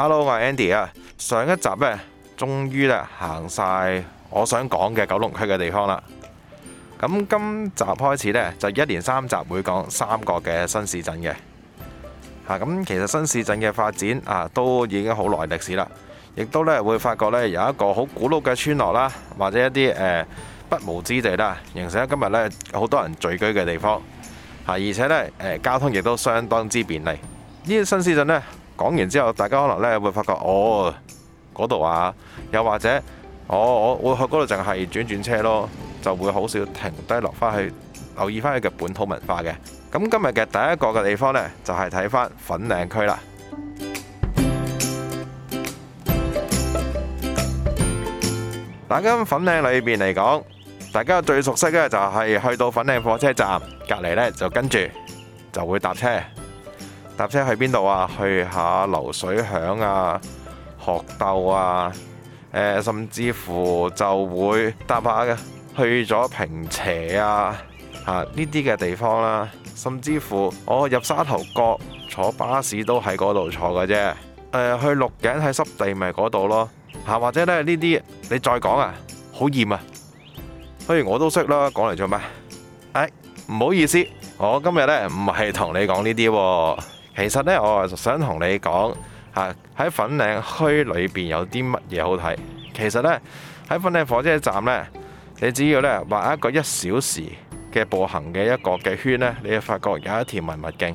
Hello，我係 Andy 啊。上一集呢，終於呢行晒我想講嘅九龍區嘅地方啦。咁今集開始呢，就一連三集會講三個嘅新市鎮嘅。吓，咁，其實新市鎮嘅發展啊，都已經好耐歷史啦。亦都呢會發覺呢有一個好古老嘅村落啦，或者一啲誒不毛之地啦，形成今日呢好多人聚居嘅地方。吓，而且呢，誒交通亦都相當之便利，呢啲新市鎮呢。講完之後，大家可能呢會發覺哦，嗰度啊，又或者哦，我會去嗰度淨係轉轉車咯，就會好少停低落返去留意返佢嘅本土文化嘅。咁今日嘅第一個嘅地方呢，就係睇返粉嶺區啦。嗱，咁粉嶺裏邊嚟講，大家最熟悉嘅就係去到粉嶺火車站隔籬呢就跟住就會搭車。搭車去邊度啊？去下流水響啊，鶴藪啊、呃，甚至乎就會搭下嘅，去咗坪輋啊，吓呢啲嘅地方啦、啊，甚至乎我入沙頭角坐巴士都喺嗰度坐嘅啫、呃，去鹿頸喺濕地咪嗰度咯，吓、啊、或者咧呢啲你再講啊，好厭啊，不、哎、如我都識啦，講嚟做咩？誒、哎，唔好意思，我今日呢唔係同你講呢啲。其實呢，我想同你講嚇，喺粉嶺區裏面有啲乜嘢好睇。其實呢，喺粉嶺火車站呢，你只要呢畫一個一小時嘅步行嘅一個嘅圈呢，你就發覺有一條文物徑，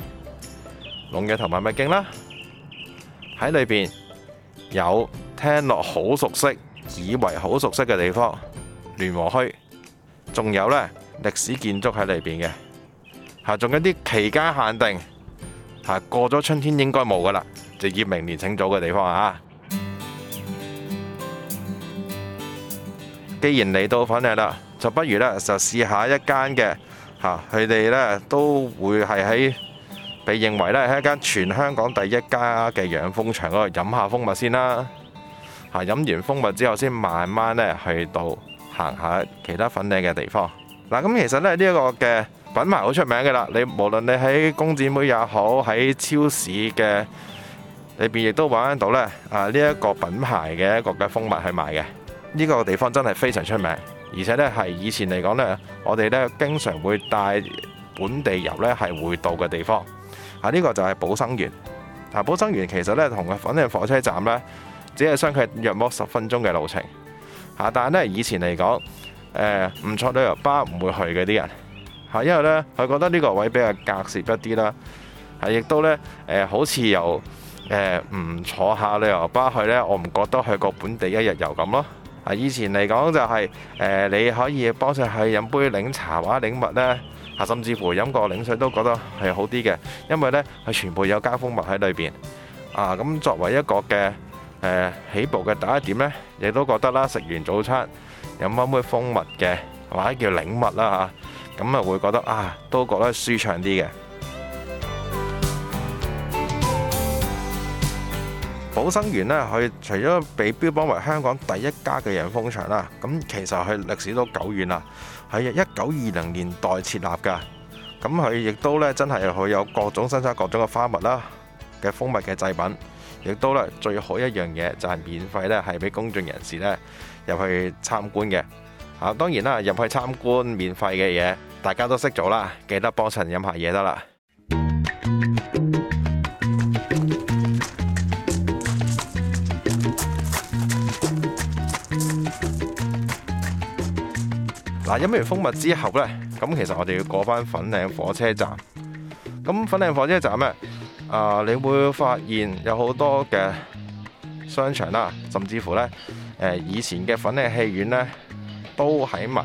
龍躍頭文物徑啦。喺裏面，有聽落好熟悉，以為好熟悉嘅地方，聯和墟，仲有呢歷史建築喺裏面嘅嚇，仲有啲期間限定。嚇過咗春天應該冇㗎喇，直接明年請早嘅地方啊！既然嚟到粉嶺啦，就不如咧就試下一間嘅嚇，佢哋咧都會係喺被認為咧係一間全香港第一家嘅養蜂場嗰度飲下蜂蜜先啦。嚇、啊、飲完蜂蜜之後，先慢慢咧去到行下其他粉嶺嘅地方。嗱、啊、咁其實咧呢一、這個嘅。品牌好出名嘅啦，無論你無論你喺公仔妹也好，喺超市嘅裏邊亦都搵得到咧啊！呢一個品牌嘅一個嘅蜂蜜去賣嘅，呢、這個地方真係非常出名，而且呢係以前嚟講呢，我哋呢經常會帶本地遊呢係會到嘅地方嚇，呢、這個就係寶生園啊！寶生園其實呢同啊，反正火車站呢，只係相距約莫十分鐘嘅路程嚇，但係呢，以前嚟講，唔、呃、坐旅遊巴唔會去嘅啲人。係，因為咧，佢覺得呢個位比較隔絕一啲啦。係，亦都咧，誒，好似由誒唔坐下旅遊巴去咧，我唔覺得去個本地一日遊咁咯。啊，以前嚟講就係誒，你可以幫佢去飲杯檸茶或者檸蜜咧，啊，甚至乎飲個檸水都覺得係好啲嘅，因為咧，佢全部有加蜂蜜喺裏邊啊。咁作為一個嘅誒起步嘅第一點咧，亦都覺得啦，食完早餐飲一杯蜂蜜嘅或者叫檸蜜啦嚇。咁啊，會覺得啊，都覺得舒暢啲嘅。保生園呢，佢除咗被標榜為香港第一家嘅養蜂場啦，咁其實佢歷史都久遠啦，喺一九二零年代設立噶。咁佢亦都呢，真係佢有各種生產各種嘅花蜜啦嘅蜂蜜嘅製品，亦都呢最好一樣嘢就係免費呢，係俾公眾人士呢入去參觀嘅。啊，當然啦，入去參觀免費嘅嘢，大家都識做啦，記得幫襯飲下嘢得啦。嗱，飲完蜂蜜之後呢，咁其實我哋要過返粉嶺火車站。咁粉嶺火車站呢，啊，你會發現有好多嘅商場啦，甚至乎呢，以前嘅粉嶺戲院呢。都喺埋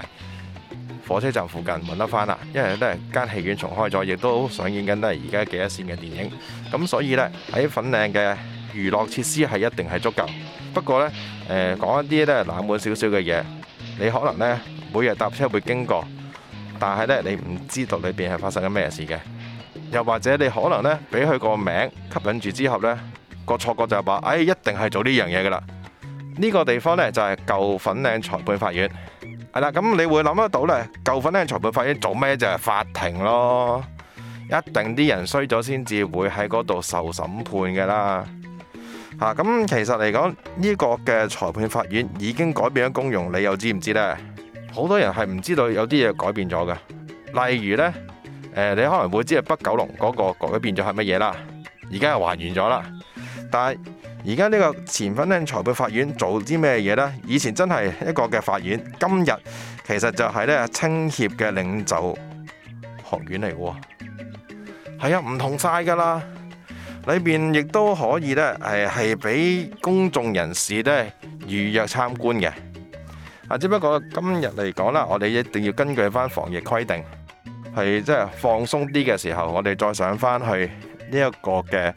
火車站附近揾得返啦，因為呢都係間戲院重開咗，亦都上映緊呢而家幾一線嘅電影咁，所以呢，喺粉嶺嘅娛樂設施係一定係足夠。不過呢，誒、呃、講一啲咧冷門少少嘅嘢，你可能呢每日搭車會經過，但係呢你唔知道裏邊係發生緊咩事嘅。又或者你可能呢俾佢個名吸引住之後呢，個錯覺就話，誒、哎、一定係做呢樣嘢噶啦。呢、這個地方呢，就係、是、舊粉嶺裁判法院。係啦，咁你會諗得到咧，舊憲咧裁判法院做咩？就係法庭咯，一定啲人衰咗先至會喺嗰度受審判嘅啦。嚇，咁其實嚟講呢個嘅裁判法院已經改變咗功用，你又知唔知咧？好多人係唔知道有啲嘢改變咗嘅，例如咧，誒你可能會知啊北九龍嗰個改變咗係乜嘢啦，而家係還原咗啦，但。而家呢個前粉嶺裁判法院做啲咩嘢呢？以前真係一個嘅法院，今日其實就係呢青協嘅領袖學院嚟喎。係啊，唔同晒噶啦！裏面亦都可以呢，係係俾公眾人士呢預約參觀嘅。啊，只不過今日嚟講啦，我哋一定要根據返防疫規定，係即係放鬆啲嘅時候，我哋再上返去呢一個嘅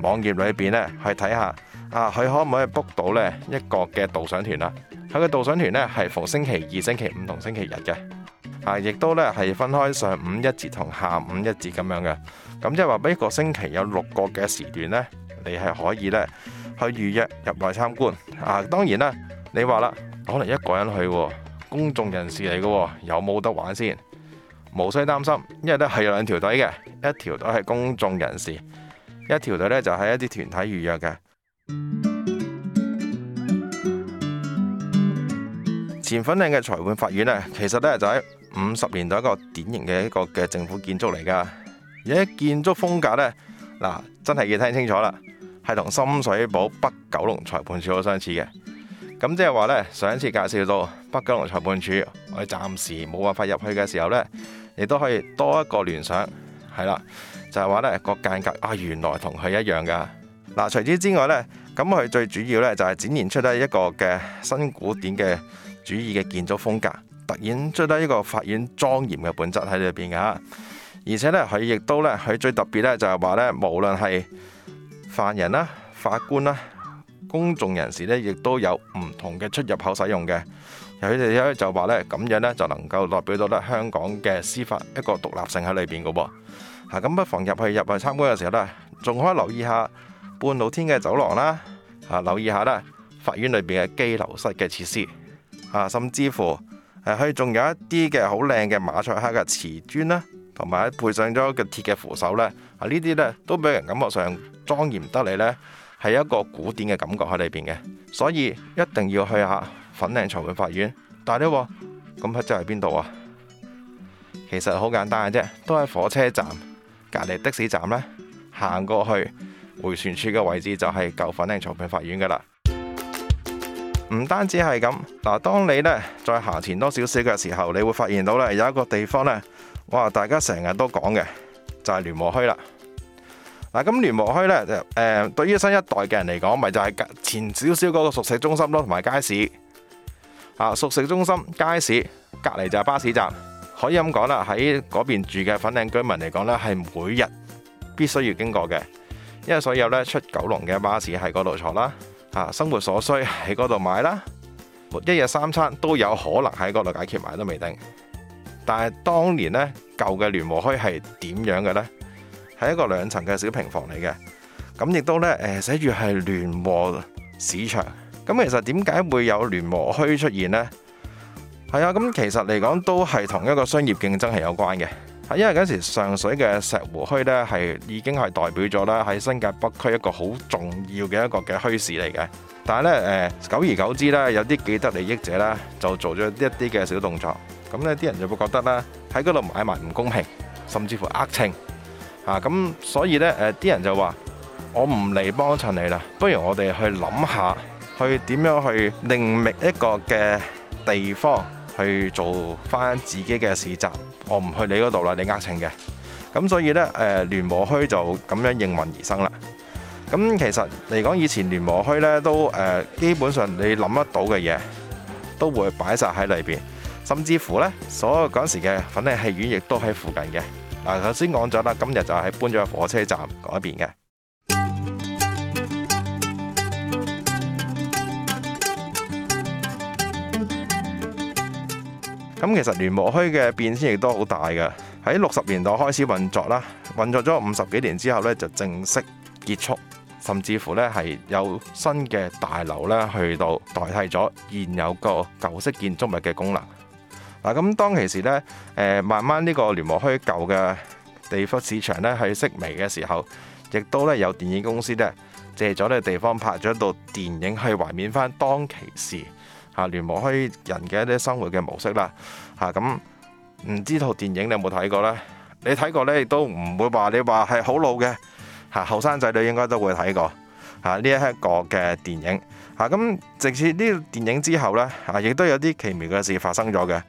網頁裏面呢，去睇下。啊！佢可唔可以 book 到呢？一個嘅導賞團啦？佢嘅導賞團呢，係逢星期二、星期五同星期日嘅啊，亦都呢，係分開上午一節同下午一節咁樣嘅。咁即係話，每一個星期有六個嘅時段呢，你係可以呢，去預約入內參觀啊。當然啦，你話啦，可能一個人去公眾人士嚟嘅，有冇得玩先？無需擔心，因為呢係有兩條隊嘅，一條隊係公眾人士，一條隊呢，就係一啲團體預約嘅。前粉嶺嘅裁判法院呢，其實呢，就喺五十年代一個典型嘅一個嘅政府建築嚟噶。而喺建築風格呢，嗱真係要聽清楚啦，係同深水埗北九龍裁判處好相似嘅。咁即係話呢，上一次介紹到北九龍裁判處，我哋暫時冇辦法入去嘅時候呢，亦都可以多一個聯想係啦，就係話呢個間隔啊，原來同佢一樣噶嗱。除此之外呢，咁佢最主要呢，就係展現出呢一個嘅新古典嘅。主義嘅建築風格，突然出得一個法院莊嚴嘅本質喺裏邊嘅嚇，而且咧佢亦都咧佢最特別呢就係話咧，無論係犯人啦、法官啦、公眾人士咧，亦都有唔同嘅出入口使用嘅。佢哋就話咧咁樣呢就能夠代表到咧香港嘅司法一個獨立性喺裏邊嘅喎嚇。咁不妨入去入去參觀嘅時候呢，仲可以留意下半露天嘅走廊啦嚇，留意下咧法院裏邊嘅羈留室嘅設施。啊，甚至乎，誒，佢仲有一啲嘅好靚嘅馬賽克嘅瓷磚啦，同埋配上咗個鐵嘅扶手咧，啊呢啲咧都俾人感覺上莊嚴得嚟咧，係一個古典嘅感覺喺裏邊嘅，所以一定要去一下粉嶺裁判法院但這。但係你話咁佢就喺邊度啊？其實好簡單嘅啫，都喺火車站隔籬的士站咧，行過去回旋處嘅位置就係舊粉嶺裁判法院噶啦。唔單止係咁，嗱，當你咧再行前多少少嘅時候，你會發現到咧有一個地方咧，哇，大家成日都講嘅就係聯和墟啦。嗱，咁聯和墟呢，就誒、是，對於新一代嘅人嚟講，咪就係、是、前少少嗰個熟食中心咯，同埋街市。啊，熟食中心、街市隔籬就係巴士站，可以咁講啦。喺嗰邊住嘅粉嶺居民嚟講呢，係每日必須要經過嘅，因為所有呢出九龍嘅巴士喺嗰度坐啦。啊！生活所需喺嗰度買啦，一日三餐都有可能喺嗰度解決埋都未定。但係當年呢舊嘅聯和墟係點樣嘅呢？係一個兩層嘅小平房嚟嘅，咁亦都呢誒寫住係聯和市場。咁其實點解會有聯和墟出現呢？係啊，咁其實嚟講都係同一個商業競爭係有關嘅。因為嗰時上水嘅石湖墟呢，係已經係代表咗啦，喺新界北區一個好重要嘅一個嘅墟市嚟嘅。但係呢，誒久而久之呢，有啲既得利益者呢，就做咗一啲嘅小動作。咁呢啲人就會覺得啦，喺嗰度買埋唔公平，甚至乎呃秤。啊，咁所以呢，誒啲人就話：我唔嚟幫襯你啦，不如我哋去諗下，去點樣去另覓一個嘅地方去做返自己嘅市集。我唔去你嗰度啦，你呃秤嘅，咁所以呢，誒聯和墟就咁樣應運而生啦。咁其實嚟講，以前聯和墟呢都誒、呃、基本上你諗得到嘅嘢都會擺晒喺裏面，甚至乎呢，所有嗰時嘅粉嶺戲院亦都喺附近嘅。嗱、啊，頭先講咗啦，今日就係搬咗去火車站嗰邊嘅。咁其實聯和墟嘅變遷亦都好大嘅，喺六十年代開始運作啦，運作咗五十幾年之後呢，就正式結束，甚至乎呢係有新嘅大樓呢去到代替咗現有個舊式建築物嘅功能。嗱，咁當其時呢，誒慢慢呢個聯和墟舊嘅地方市場呢，係式微嘅時候，亦都呢有電影公司呢借咗呢地方拍咗一套電影去懷念翻當其時。嚇聯和墟人嘅一啲生活嘅模式啦，嚇咁唔知道電影你有冇睇過呢？你睇過呢，亦都唔會話你話係好老嘅，嚇後生仔女應該都會睇過嚇呢一個嘅電影。嚇咁直至呢個電影之後呢，啊亦都有啲奇妙嘅事發生咗嘅。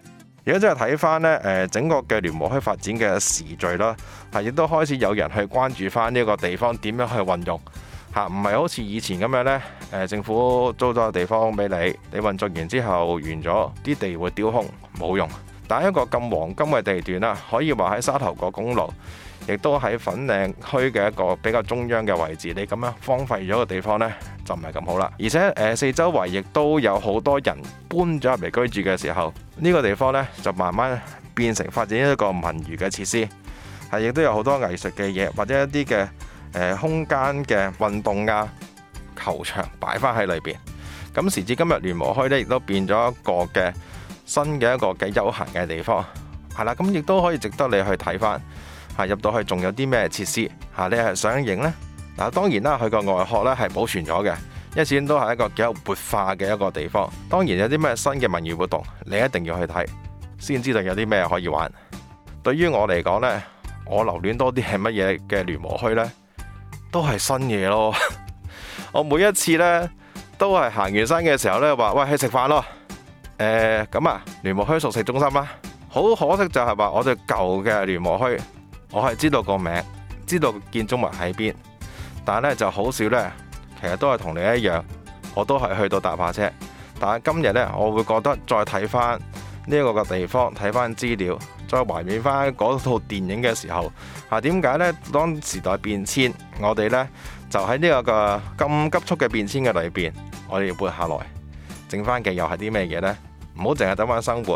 如果真係睇翻呢，誒整個嘅聯和墟發展嘅時序啦，嚇亦都開始有人去關注翻呢個地方點樣去運用。唔係好似以前咁樣呢。政府租咗個地方俾你，你運作完之後完咗，啲地會丟空冇用。但係一個咁黃金嘅地段啦，可以話喺沙頭角公路，亦都喺粉嶺區嘅一個比較中央嘅位置，你咁樣荒廢咗個地方呢，就唔係咁好啦。而且誒、呃、四周圍亦都有好多人搬咗入嚟居住嘅時候，呢個地方呢，就慢慢變成發展一個文娛嘅設施，係亦都有好多藝術嘅嘢或者一啲嘅。空間嘅運動啊，球場擺翻喺裏邊。咁時至今日，聯和墟呢亦都變咗一個嘅新嘅一個幾悠閒嘅地方係啦。咁亦都可以值得你去睇翻嚇入到去，仲有啲咩設施嚇？你係想影呢？嗱？當然啦，佢個外殼呢係保存咗嘅，一始都係一個幾有活化嘅一個地方。當然有啲咩新嘅文娛活動，你一定要去睇先知道有啲咩可以玩。對於我嚟講呢，我留戀多啲係乜嘢嘅聯和墟呢？都係新嘢咯。 我每一次呢，都係行完山嘅時候呢，話喂，去食飯咯，誒、呃、咁啊聯和墟熟食中心啦，好可惜就係話我對舊嘅聯和墟，我係知道個名，知道建築物喺邊，但係呢就好少呢。其實都係同你一樣，我都係去到搭下車，但係今日呢，我會覺得再睇翻呢一個個地方，睇翻資料。再懷緬翻嗰套電影嘅時候，嚇點解呢？當時代變遷，我哋呢就喺呢、這個咁急速嘅變遷嘅裏邊，我哋要活下來，剩翻嘅又係啲咩嘢呢？唔好淨係等返生活，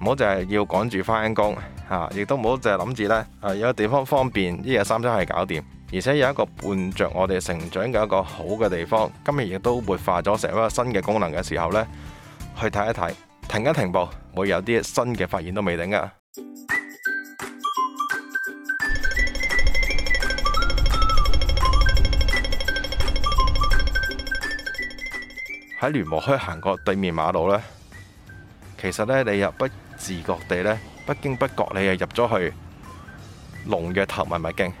唔好淨係要趕住返工嚇，亦都唔好淨係諗住呢：「啊有個地方方便，一日三餐係搞掂，而且有一個伴着我哋成長嘅一個好嘅地方。今日亦都活化咗成一個新嘅功能嘅時候呢，去睇一睇，停一停步，會有啲新嘅發現都未定噶。喺聯和墟行過對面馬路呢，其實呢，你又不自覺地，不經不覺地呢，不經不覺你又入咗去龍躍頭文物徑。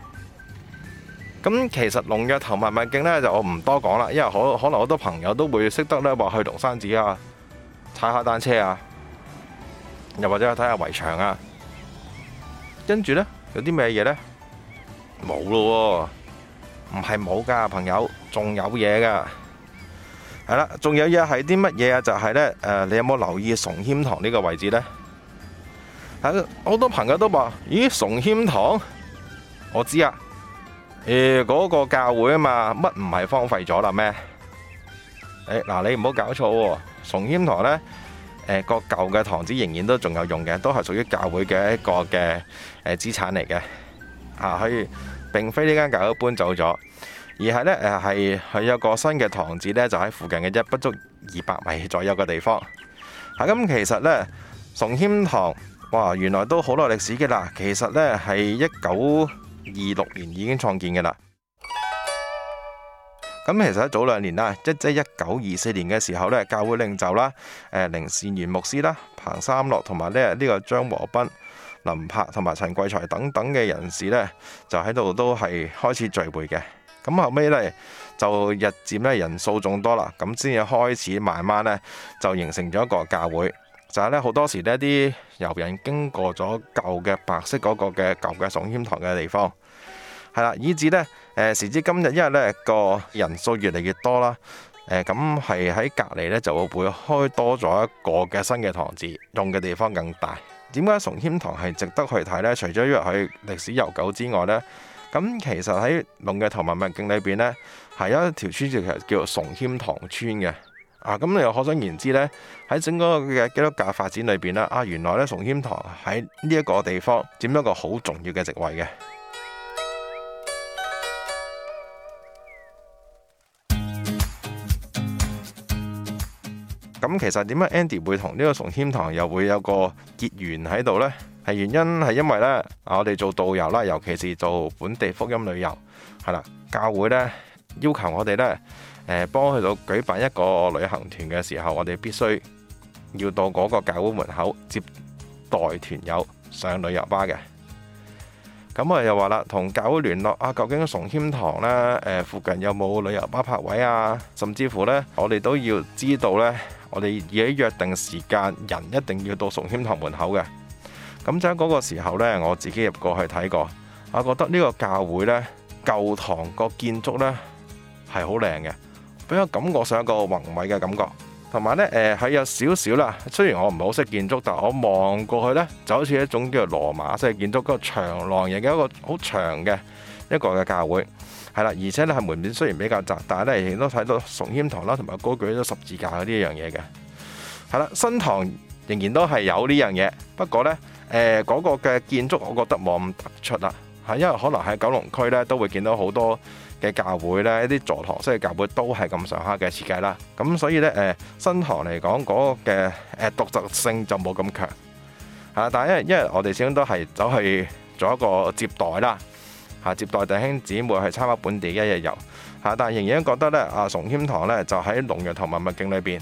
咁其實龍躍頭文物徑呢，就我唔多講啦，因為可可能好多朋友都會識得呢話去龍山寺啊，踩下單車啊。又或者去睇下圍牆啊，跟住咧有啲咩嘢咧？冇咯喎，唔係冇噶，朋友，仲有嘢噶。係啦，仲有嘢係啲乜嘢啊？就係咧，誒，你有冇留意崇謙堂呢個位置咧？啊，好多朋友都話，咦，崇謙堂？我知啊，誒，嗰個教會啊嘛，乜唔係荒廢咗啦咩？誒，嗱，你唔好搞錯喎，崇謙堂咧。誒，個舊嘅堂子仍然都仲有用嘅，都係屬於教會嘅一個嘅誒資產嚟嘅，吓可以，並非呢間教會搬走咗，而係呢，誒係佢有個新嘅堂子呢，就喺附近嘅一不足二百米左右嘅地方，咁、啊嗯、其實呢，崇謙堂哇，原來都好耐歷史嘅啦，其實呢，係一九二六年已經創建嘅啦。咁其實早兩年啦，即即一九二四年嘅時候咧，教會領袖啦，誒，凌善元牧師啦，彭三樂同埋咧呢個張和斌、林柏同埋陳桂才等等嘅人士咧，就喺度都係開始聚會嘅。咁後尾咧就日漸咧人數眾多啦，咁先至開始慢慢咧就形成咗一個教會。就係咧好多時呢啲遊人經過咗舊嘅白色嗰個嘅舊嘅崇謙堂嘅地方。係啦，以至呢誒時至今日，因為呢個人數越嚟越多啦，誒咁係喺隔籬呢，就會開多咗一個嘅新嘅堂址，用嘅地方更大。點解崇謙堂係值得去睇呢？除咗因為佢歷史悠久之外呢，咁其實喺龍嘅頭文物徑裏邊呢，係有一條村叫其實叫做崇謙堂村嘅。啊，咁你又可想而知呢，喺整個嘅基督教發展裏邊呢，啊原來呢崇謙堂喺呢一個地方佔咗個好重要嘅職位嘅。咁其實點解 Andy 會同呢個崇謙堂又會有個結緣喺度呢？係原因係因為呢，啊我哋做導遊啦，尤其是做本地福音旅遊，係啦，教會呢，要求我哋呢誒幫去到舉辦一個旅行團嘅時候，我哋必須要到嗰個教會門口接待團友上旅遊巴嘅。咁我哋又話啦，同教會聯絡啊，究竟崇謙堂呢誒附近有冇旅遊巴泊位啊？甚至乎呢，我哋都要知道呢。我哋已經約定時間，人一定要到崇謙堂門口嘅。咁就喺嗰個時候呢，我自己入過去睇過，我覺得呢個教會呢，舊堂個建築呢，係好靚嘅，俾我感覺上一個宏偉嘅感覺。同埋呢，誒喺有少少啦。雖然我唔係好識建築，但我望過去呢，就好似一種叫做羅馬式建築，嗰個長廊型嘅一個好長嘅。一個嘅教會係啦，而且咧係門面雖然比較窄，但係咧亦都睇到崇謙堂啦，同埋高舉咗十字架嗰啲樣嘢嘅。係啦，新堂仍然都係有呢樣嘢，不過呢，誒、呃、嗰、那個嘅建築，我覺得冇咁突出啦嚇，因為可能喺九龍區呢，都會見到好多嘅教會呢一啲座堂，式嘅教會都係咁上下嘅設計啦。咁所以呢，誒、呃、新堂嚟講嗰、那個嘅誒獨特性就冇咁強嚇，但係因為因為我哋始終都係走去做一個接待啦。接待弟兄姊妹去參加本地一日遊嚇，但仍然覺得咧啊，崇謙堂咧就喺龍躍頭文物徑裏邊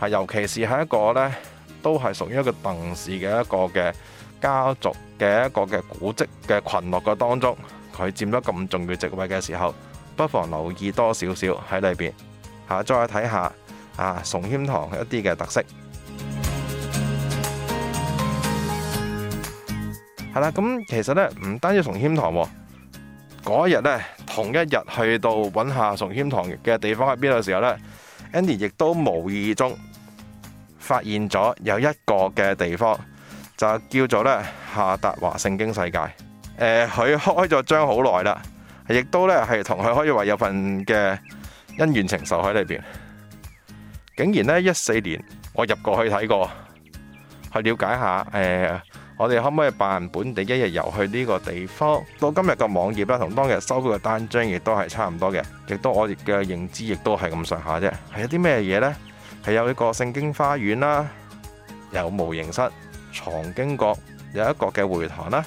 嚇，尤其是喺一個咧都係屬於的一個鄧氏嘅一個嘅家族嘅一個嘅古跡嘅群落嘅當中，佢佔咗咁重要席位嘅時候，不妨留意多少少喺裏邊嚇，再睇下啊崇謙堂一啲嘅特色係啦。咁 其實呢，唔單止崇謙堂嗰一日咧，同一日去到揾下崇謙堂嘅地方喺邊度時候呢，Andy 亦都無意中發現咗有一個嘅地方，就叫做呢夏達華聖經世界。佢、呃、開咗張好耐啦，亦都呢係同佢可以話有份嘅恩怨情仇喺裏邊。竟然呢，一四年我入過去睇過，去了解一下誒。呃我哋可唔可以辦本地一日遊去呢個地方？到今日嘅網頁啦，同當日收到嘅單張亦都係差唔多嘅，亦都我哋嘅認知亦都係咁上下啫。係有啲咩嘢呢？係有呢個聖經花園啦，有模型室、藏經閣，有一個嘅會堂啦，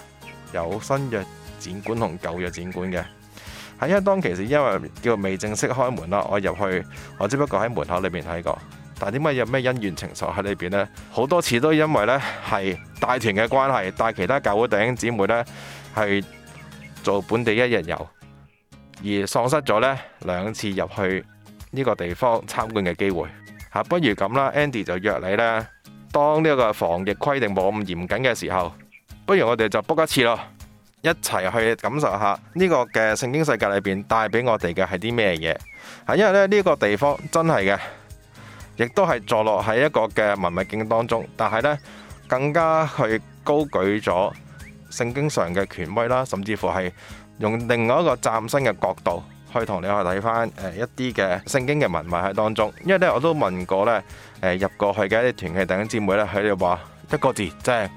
有新約展館同舊約展館嘅。係因為當其時因為叫未正式開門啦，我入去，我只不過喺門口裏面睇過。但點解有咩恩怨情仇喺裏邊呢？好多次都因為呢係帶團嘅關係，帶其他教會弟兄姊妹呢去做本地一日遊，而喪失咗呢兩次入去呢個地方參觀嘅機會嚇、啊。不如咁啦，Andy 就約你呢，當呢個防疫規定冇咁嚴謹嘅時候，不如我哋就 book 一次咯，一齊去感受下呢個嘅聖經世界裏邊帶俾我哋嘅係啲咩嘢嚇？因為呢呢、呢個地方真係嘅。亦都係坐落喺一個嘅文物徑當中，但係呢，更加去高舉咗聖經上嘅權威啦，甚至乎係用另外一個嶄新嘅角度去同你去睇返一啲嘅聖經嘅文物喺當中。因為呢，我都問過呢、呃、入過去嘅一啲團契弟兄姊妹呢佢哋話一個字正，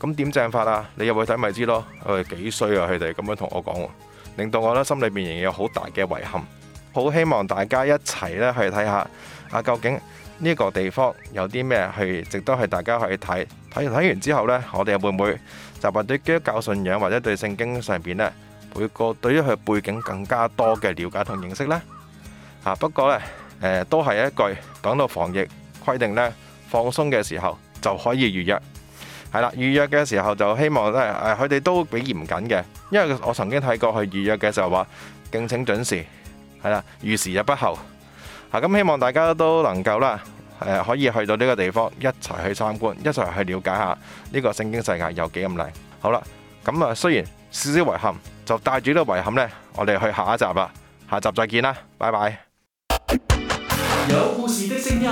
咁點正法啊？你入去睇咪知咯。誒、哎、幾衰啊！佢哋咁樣同我講，令到我呢心裏面仍有好大嘅遺憾。好希望大家一齊呢去睇下。啊，究竟呢個地方有啲咩係值得係大家去睇？睇完睇完之後咧，我哋又會唔會就係對基督教信仰或者對聖經上邊咧，每個對於佢背景更加多嘅瞭解同認識咧？啊，不過咧誒，都係一句講到防疫規定咧放鬆嘅時候就可以預約，係啦，預約嘅時候就希望咧誒，佢哋都幾嚴謹嘅，因為我曾經睇過佢預約嘅時候話，敬請準時，係啦，逾時也不候。啊，咁希望大家都能夠啦，誒可以去到呢個地方一齊去參觀，一齊去了解下呢個聖經世界有幾咁靚。好啦，咁啊雖然少少遺憾，就帶住呢個遺憾呢，我哋去下一集啦，下集再見啦，拜拜。有故事的聲音。